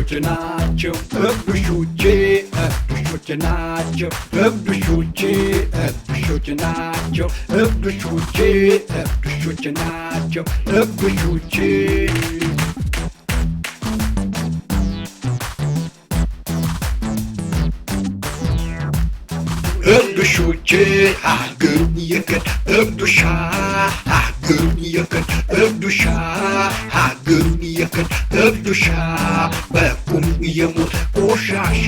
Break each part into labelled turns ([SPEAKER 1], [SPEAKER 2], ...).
[SPEAKER 1] እብዶች ናቸው እብዶች እብዶች ናቸው እብዶች እብዶች ናቸው እብዶች እብዶች ናቸው እብዶች እብዶች አገሩ ይገድ እብዶሻ አገሩ በቅዱሻ ሀግም የከተብዱሻ በቁም የሞት ቆሻሻ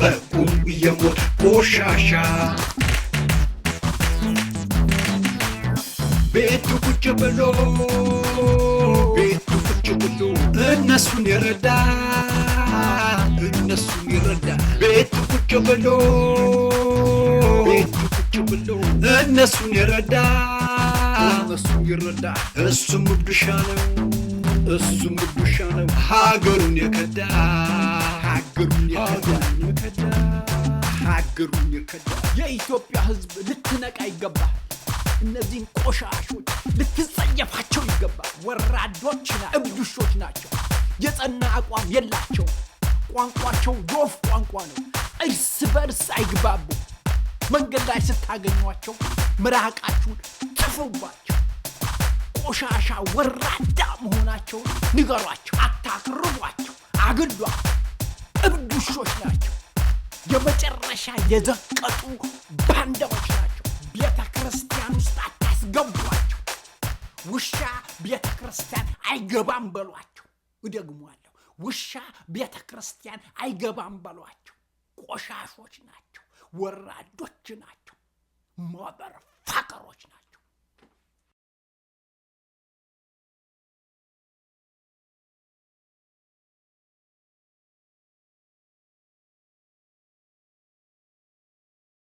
[SPEAKER 1] በቁም የሞት ቆሻሻ ቤቱ ቁጭ ብሎ ቤቱ ቁጭ ብሎ እነሱን ይረዳ እነሱን ይረዳ ቤቱ ቁጭ ብሎ ቤቱ ቁጭ ብሎ እነሱን የረዳ እሱ ይረዳል። እሱም ነው፣ እሱም ነው። ሀገሩን የከዳ ሀገሩን የከዳ ሀገሩን የከዳ
[SPEAKER 2] የኢትዮጵያ ሕዝብ ልትነቃ ይገባል። እነዚህን ቆሻሾች ልትጸየፋቸው ይገባል። ና እብዱሾች ናቸው። የጸና አቋም የላቸው። ቋንቋቸው ዶፍ ቋንቋ ነው። እርስ በርስ አይግባቡ። መንገድ ላይ ስታገኟቸው ምራቃችሁን ጥፉባቸው። ቆሻሻ ወራዳ መሆናቸውን ንገሯቸው፣ አታክርቧቸው፣ አግዷ እብድ ውሾች ናቸው። የመጨረሻ የዘቀጡ ባንዳዎች ናቸው። ቤተ ክርስቲያን ውስጥ አታስገቧቸው። ውሻ ቤተ ክርስቲያን አይገባም በሏቸው። እደግሟለሁ፣ ውሻ ቤተ ክርስቲያን አይገባም በሏቸው። ቆሻሾች ናቸው፣ ወራዶች ናቸው፣ ፋቀሮች ናቸው።